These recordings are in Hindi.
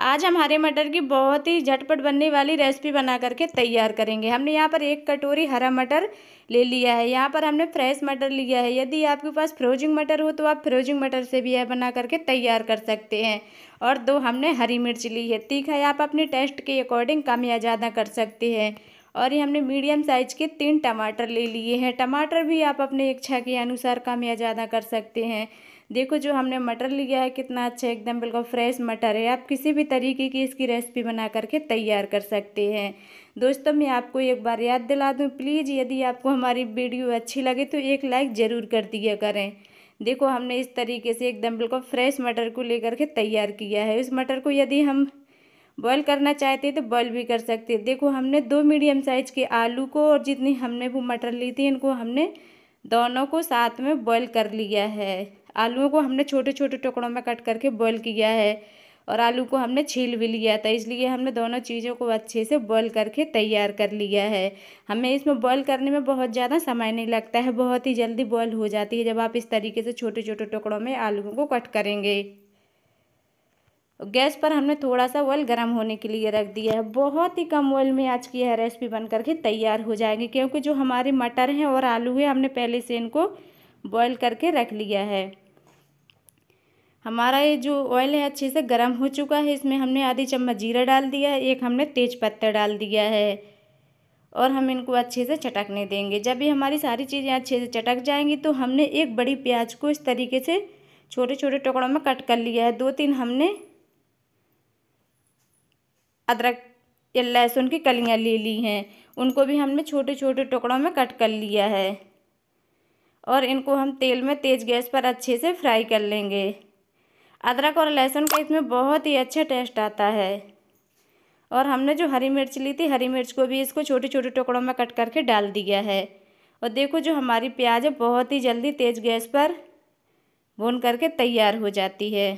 आज हम हरे मटर की बहुत ही झटपट बनने वाली रेसिपी बना करके तैयार करेंगे हमने यहाँ पर एक कटोरी हरा मटर ले लिया है यहाँ पर हमने फ्रेश मटर लिया है यदि आपके पास फ्रोजिंग मटर हो तो आप फ्रोजिंग मटर से भी यह बना करके तैयार कर सकते हैं और दो हमने हरी मिर्च ली है तीखा आप अपने टेस्ट के अकॉर्डिंग कम या ज़्यादा कर सकते हैं और ये हमने मीडियम साइज के तीन टमाटर ले लिए हैं टमाटर भी आप अपने इच्छा के अनुसार कम या ज़्यादा कर सकते हैं देखो जो हमने मटर लिया है कितना अच्छा एकदम बिल्कुल फ्रेश मटर है आप किसी भी तरीके की इसकी रेसिपी बना करके तैयार कर सकते हैं दोस्तों मैं आपको एक बार याद दिला दूँ प्लीज़ यदि आपको हमारी वीडियो अच्छी लगे तो एक लाइक ज़रूर कर दिया करें देखो हमने इस तरीके से एकदम बिल्कुल फ्रेश मटर को लेकर के तैयार किया है उस मटर को यदि हम बॉयल करना चाहते हैं तो बॉयल भी कर सकते हैं देखो हमने दो मीडियम साइज़ के आलू को और जितनी हमने वो मटर ली थी इनको हमने दोनों को साथ में बॉयल कर लिया है आलूओं को हमने छोटे छोटे टुकड़ों में कट करके बॉईल किया है और आलू को हमने छील भी लिया था इसलिए हमने दोनों चीज़ों को अच्छे से बॉईल करके तैयार कर लिया है हमें इसमें बॉईल करने में बहुत ज़्यादा समय नहीं लगता है बहुत ही जल्दी बॉईल हो जाती है जब आप इस तरीके से छोटे छोटे टुकड़ों में आलूओं को कट करेंगे गैस पर हमने थोड़ा सा ऑयल गर्म होने के लिए रख दिया है बहुत ही कम ऑयल में आज की यह रेसिपी बन करके तैयार हो जाएगी क्योंकि जो हमारे मटर हैं और आलू है हमने पहले से इनको बॉईल करके रख लिया है हमारा ये जो ऑयल है अच्छे से गर्म हो चुका है इसमें हमने आधी चम्मच जीरा डाल दिया है एक हमने तेज पत्ता डाल दिया है और हम इनको अच्छे से चटकने देंगे जब भी हमारी सारी चीज़ें अच्छे से चटक जाएंगी तो हमने एक बड़ी प्याज को इस तरीके से छोटे छोटे टुकड़ों में कट कर लिया है दो तीन हमने अदरक या लहसुन की कलियाँ ले ली हैं उनको भी हमने छोटे छोटे टुकड़ों में कट कर लिया है और इनको हम तेल में तेज़ गैस पर अच्छे से फ्राई कर लेंगे अदरक और लहसुन का इसमें बहुत ही अच्छा टेस्ट आता है और हमने जो हरी मिर्च ली थी हरी मिर्च को भी इसको छोटे छोटे टुकड़ों में कट करके डाल दिया है और देखो जो हमारी प्याज है बहुत ही जल्दी तेज़ गैस पर भून करके तैयार हो जाती है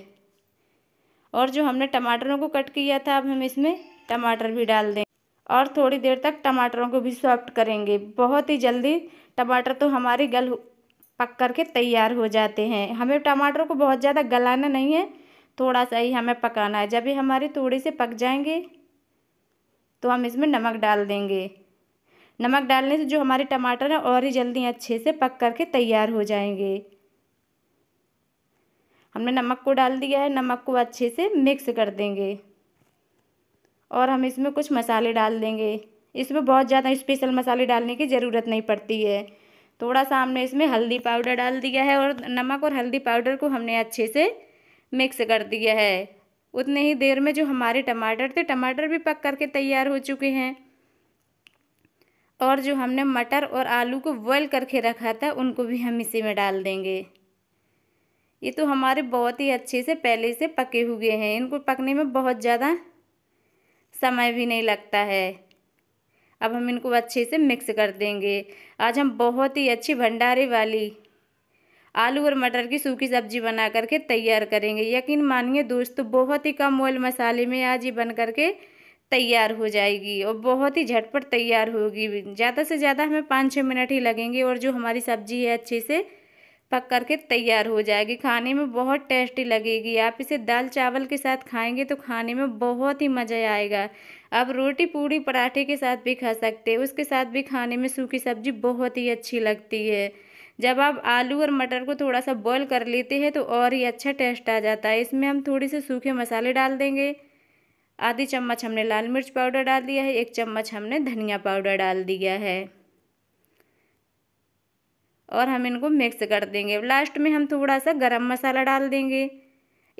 और जो हमने टमाटरों को कट किया था अब हम इसमें टमाटर भी डाल दें और थोड़ी देर तक टमाटरों को भी सॉफ्ट करेंगे बहुत ही जल्दी टमाटर तो हमारे गल पक कर के तैयार हो जाते हैं हमें टमाटर को बहुत ज़्यादा गलाना नहीं है थोड़ा सा ही हमें पकाना है जब ये हमारे थोड़े से पक जाएंगे तो हम इसमें नमक डाल देंगे नमक डालने से जो हमारे टमाटर हैं और ही जल्दी अच्छे से पक कर के तैयार हो जाएंगे हमने नमक को डाल दिया है नमक को अच्छे से मिक्स कर देंगे और हम इसमें कुछ मसाले डाल देंगे इसमें बहुत ज़्यादा स्पेशल मसाले डालने की ज़रूरत नहीं पड़ती है थोड़ा सा हमने इसमें हल्दी पाउडर डाल दिया है और नमक और हल्दी पाउडर को हमने अच्छे से मिक्स कर दिया है उतने ही देर में जो हमारे टमाटर थे टमाटर भी पक करके तैयार हो चुके हैं और जो हमने मटर और आलू को बॉयल करके रखा था उनको भी हम इसी में डाल देंगे ये तो हमारे बहुत ही अच्छे से पहले से पके हुए हैं इनको पकने में बहुत ज़्यादा समय भी नहीं लगता है अब हम इनको अच्छे से मिक्स कर देंगे आज हम बहुत ही अच्छी भंडारे वाली आलू और मटर की सूखी सब्जी बना करके तैयार करेंगे यकीन मानिए दोस्तों बहुत ही कम ऑयल मसाले में आज ये बन करके तैयार हो जाएगी और बहुत ही झटपट तैयार होगी ज़्यादा से ज़्यादा हमें पाँच छः मिनट ही लगेंगे और जो हमारी सब्ज़ी है अच्छे से पक करके तैयार हो जाएगी खाने में बहुत टेस्टी लगेगी आप इसे दाल चावल के साथ खाएंगे तो खाने में बहुत ही मज़ा आएगा आप रोटी पूड़ी पराठे के साथ भी खा सकते हैं उसके साथ भी खाने में सूखी सब्जी बहुत ही अच्छी लगती है जब आप आलू और मटर को थोड़ा सा बॉईल कर लेते हैं तो और ही अच्छा टेस्ट आ जाता है इसमें हम थोड़े से सूखे मसाले डाल देंगे आधी चम्मच हमने लाल मिर्च पाउडर डाल दिया है एक चम्मच हमने धनिया पाउडर डाल दिया है और हम इनको मिक्स कर देंगे लास्ट में हम थोड़ा सा गरम मसाला डाल देंगे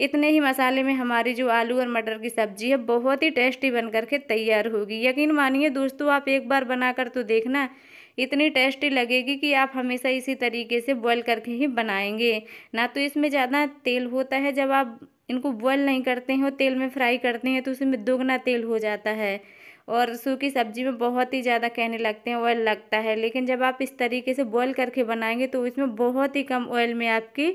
इतने ही मसाले में हमारी जो आलू और मटर की सब्ज़ी है बहुत ही टेस्टी बन करके तैयार होगी यकीन मानिए दोस्तों आप एक बार बना कर तो देखना इतनी टेस्टी लगेगी कि आप हमेशा इसी तरीके से बॉईल करके ही बनाएंगे ना तो इसमें ज़्यादा तेल होता है जब आप इनको बॉयल नहीं करते हैं और तेल में फ्राई करते हैं तो उसमें दोगुना तेल हो जाता है और सूखी सब्जी में बहुत ही ज़्यादा कहने लगते हैं ऑयल लगता है लेकिन जब आप इस तरीके से बॉयल करके बनाएंगे तो इसमें बहुत ही कम ऑयल में आपकी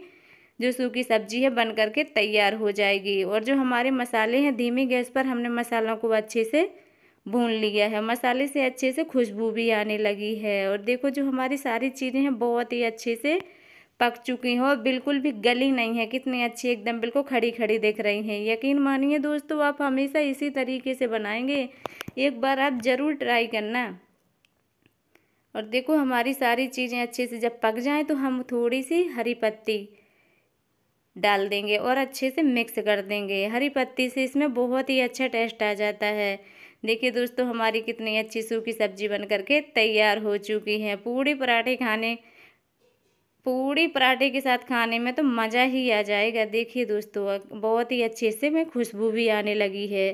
जो सूखी सब्जी है बन करके तैयार हो जाएगी और जो हमारे मसाले हैं धीमी गैस पर हमने मसालों को अच्छे से भून लिया है मसाले से अच्छे से खुशबू भी आने लगी है और देखो जो हमारी सारी चीज़ें हैं बहुत ही अच्छे से पक चुकी हैं और बिल्कुल भी गली नहीं है कितनी अच्छी एकदम बिल्कुल खड़ी खड़ी दिख रही हैं यकीन मानिए दोस्तों आप हमेशा इसी तरीके से बनाएंगे एक बार आप ज़रूर ट्राई करना और देखो हमारी सारी चीज़ें अच्छे से जब पक जाएं तो हम थोड़ी सी हरी पत्ती डाल देंगे और अच्छे से मिक्स कर देंगे हरी पत्ती से इसमें बहुत ही अच्छा टेस्ट आ जाता है देखिए दोस्तों हमारी कितनी अच्छी सूखी सब्जी बन करके तैयार हो चुकी है पूड़ी पराठे खाने पूड़ी पराठे के साथ खाने में तो मज़ा ही आ जाएगा देखिए दोस्तों बहुत ही अच्छे से मैं खुशबू भी आने लगी है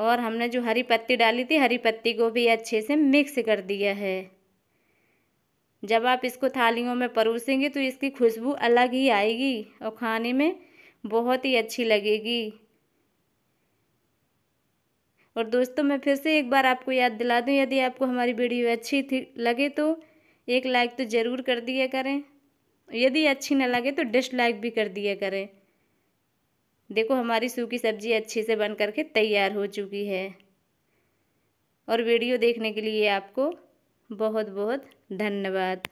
और हमने जो हरी पत्ती डाली थी हरी पत्ती को भी अच्छे से मिक्स कर दिया है जब आप इसको थालियों में परोसेंगे तो इसकी खुशबू अलग ही आएगी और खाने में बहुत ही अच्छी लगेगी और दोस्तों मैं फिर से एक बार आपको याद दिला दूं यदि आपको हमारी वीडियो अच्छी थी लगे तो एक लाइक तो ज़रूर कर दिया करें यदि अच्छी ना लगे तो डिसलाइक भी कर दिया करें देखो हमारी सूखी सब्जी अच्छे से बन करके तैयार हो चुकी है और वीडियो देखने के लिए आपको बहुत बहुत धन्यवाद